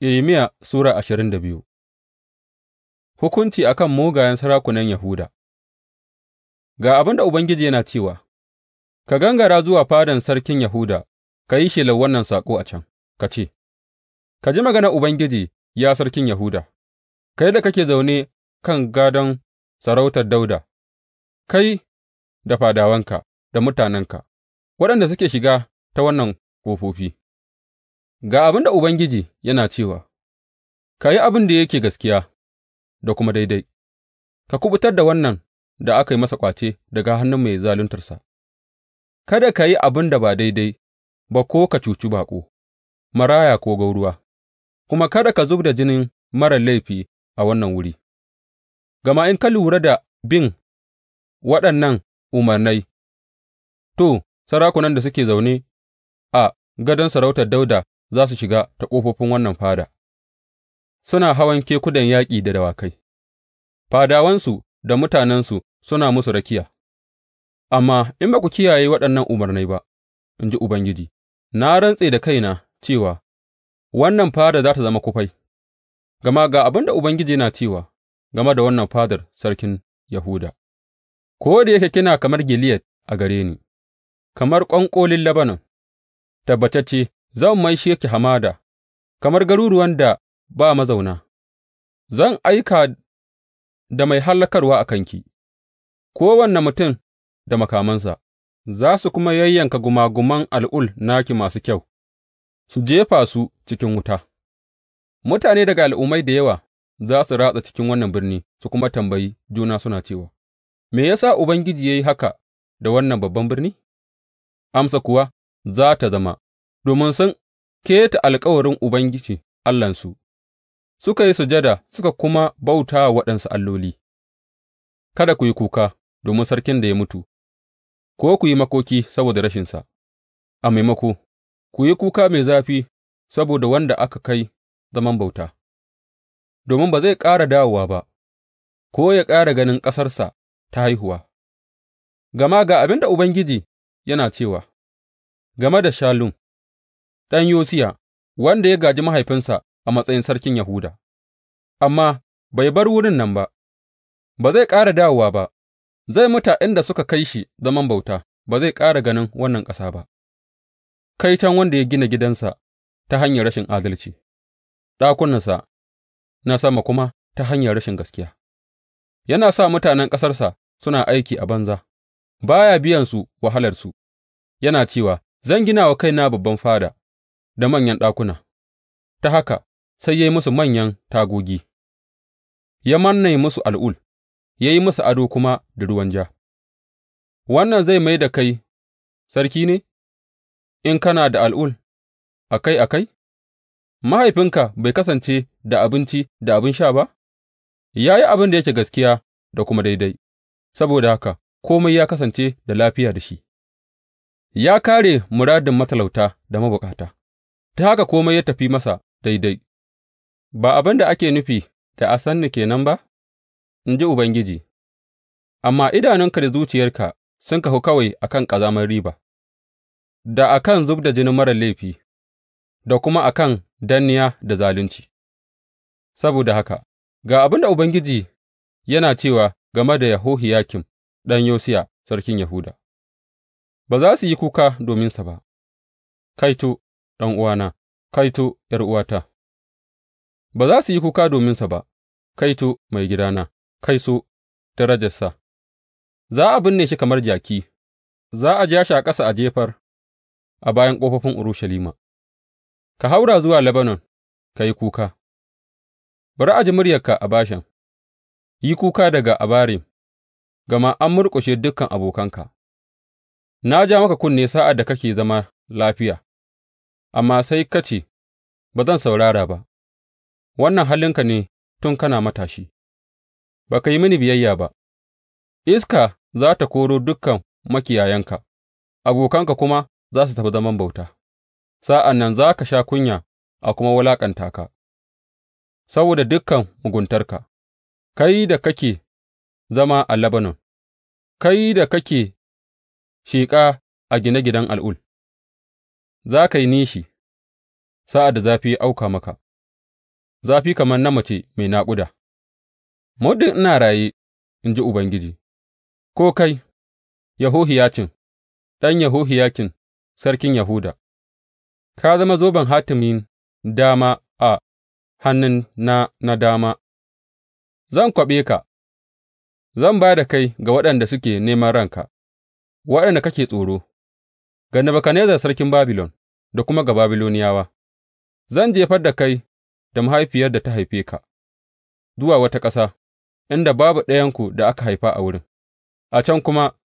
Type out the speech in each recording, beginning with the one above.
Irmiya Sura ashirin da biyu Hukunci a kan mugayen sarakunan Yahuda Ga abin da Ubangiji yana cewa, Ka gangara zuwa fadan sarkin Yahuda ka yi shelar wannan saƙo a can, ka ce, Ka ji maganar Ubangiji, ya sarkin Yahuda, kai da kake zaune kan gadon sarautar Dauda, kai da fadawanka da mutanenka, waɗanda suke shiga ta wannan ƙofofi. Ga abin da Ubangiji yana cewa, Ka yi abin da yake gaskiya da kuma daidai, ka kubutar da wannan da aka yi masa ƙwace daga hannun mai zaluntarsa, kada ka yi abin da ba daidai ba ko ka cuci baƙo, maraya ko gauruwa, kuma kada ka zub da jinin marar laifi a wannan wuri, gama in ka lura da bin waɗannan umarnai, to, sarakunan da suke zaune a gadon sarautar Dawuda za su shiga ta ƙofofin wannan fada, suna hawan kekunan yaƙi da dawakai, fadawansu da mutanensu suna musu rakiya, amma in ba ku kiyaye waɗannan umarnai ba, in ji Ubangiji, na rantse da kaina cewa wannan fada za ta zama kufai, gama ga abin da Ubangiji yana cewa game da wannan fadar sarkin Yahuda, ko da yake kina kamar Gileyad a gare ni, kamar ƙwanƙolin Lebanon, tabbatacce zan maishe ki hamada, kamar garuruwan da ba mazauna, zan aika da mai hallakarwa a kanki, kowane mutum da makamansa, za su kuma yayyanka gumaguman al'ul naki masu kyau, su jefa su cikin wuta. Mutane daga al'ummai da yawa za su ratsa cikin wannan birni su kuma tambayi juna suna cewa, Me ya sa Ubangiji ya yi haka da wannan babban birni? Amsa kuwa za tă zama. domin sun keta alkawarin Ubangiji Allahnsu, suka yi sujada suka kuma bauta wa waɗansu alloli, kada ku yi kuka domin sarkin da ya mutu, ko ku yi makoki saboda rashinsa, a maimako, ku yi kuka mai zafi saboda wanda aka kai zaman bauta, domin ba zai ƙara dawowa ba, ko ya ƙara ganin ƙasarsa ta haihuwa. Gama ga abin da Ubangiji yana cewa game da shalun. ɗan Yosiya, wanda ya gāji mahaifinsa a matsayin sarkin Yahuda, amma bai bar wurin nan ba, ba zai ƙara dawowa ba, zai mutu a inda suka kai shi zaman bauta, ba zai ƙara ganin wannan ƙasa ba. Kaiton wanda ya gina gidansa ta hanyar rashin adalci, ɗakunansa na sama kuma ta hanyar rashin gaskiya, yana sa mutanen ƙasarsa suna aiki a banza, ba ya biyansu wahalarsu, yana cewa, Zan gina wa kaina babban fada. da manyan ɗakuna, ta haka sai ya yi musu manyan tagogi, ya manne musu al'ul, ya yi musu ado kuma da ruwan ja. Wannan zai mai da kai sarki ne, in kana da al'ul a kai a kai? Mahaifinka bai kasance da abinci da abin sha ba? Ya yi abin da yake gaskiya da kuma daidai, saboda haka komai ya kasance da lafiya da shi, ya kare muradin matalauta da mabukata. ta haka kome ya tafi masa daidai, ba abin da ake nufi da a san ni ke nan ba, in ji Ubangiji, amma idanunka da zuciyarka sun kahu kawai a kan ƙazamar riba, da a kan zub da jinin marar laifi, da kuma a kan danniya da zalunci. Saboda haka, ga abin da Ubangiji yana cewa game da Yahohiyakim ɗan Yosiya sarkin Yahuda, ba za su yi kuka dominsa ba, kaito, ɗan'uwana, kaito, ’yar'uwata, ba za su yi kuka dominsa ba, kaito, maigidana, kaito, darajarsa, za a binne shi kamar jaki, za a ja shi a ƙasa a jefar a bayan ƙofofin Urushalima. Ka haura zuwa Lebanon ka yi kuka, bari a ji muryarka a Bashan, yi kuka daga Abarim, gama an murƙushe dukan abokanka, na ja maka kunne sa'ad da kake zama lafiya. amma sai ka ce, Ba zan saurara ba, wannan halinka ne tun kana matashi, ba ka yi mini biyayya ba, iska za ta koro dukan makiyayanka, abokanka kuma za su tafi zaman bauta, sa'an nan za ka sha kunya a kuma wulaƙanta ka, saboda dukan muguntarka, kai da kake zama a Lebanon, kai da kake sheƙa a gine gidan al'ul. za ka yi nishi sa'ad da zafi ya auka maka, zafi kamar na mace mai naƙuda, muddin ina raye, in ji Ubangiji, ko kai, Yahohiyacin, ɗan Yahohiyacin, sarkin Yahuda, ka zama zoben hatimin dama a hannuna na dama, zan kwaɓe ka, zan ba da kai ga waɗanda suke neman ranka, waɗanda kake tsoro. Ga Nebukadnezzar sarkin Babilon da kuma ga Babiloniyawa, Zan jefar da kai da mahaifiyar da ta haife ka zuwa wata ƙasa inda babu ɗayanku da aka haifa a wurin, a can kuma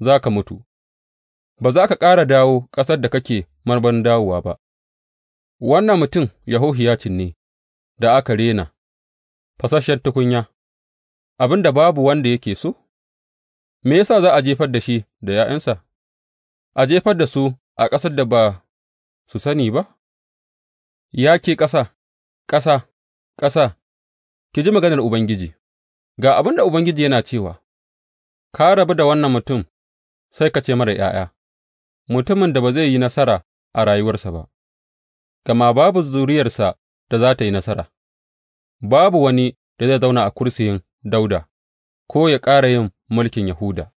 za ka mutu, ba za ka ƙara dawo ƙasar da kake marmarin dawowa ba. Wannan mutum Yahohiyacin ne da aka rena, fasasshen tukunya, abin da babu wanda yake so? Me ya sa za a jefar da shi da ’ya'yansa? a jefar da su a ƙasar da ba su sani ba? Ya ke ƙasa, ƙasa, ƙasa, ki ji maganar Ubangiji, ga abin da Ubangiji yana cewa, Ka rabu da wannan mutum, sai ka ce mara ’ya'ya, mutumin da ba zai yi nasara a rayuwarsa ba, gama babu zuriyarsa da za ta yi nasara, babu wani da zai zauna a kursiyin Dauda ko ya ƙara yin mulkin Yahuda.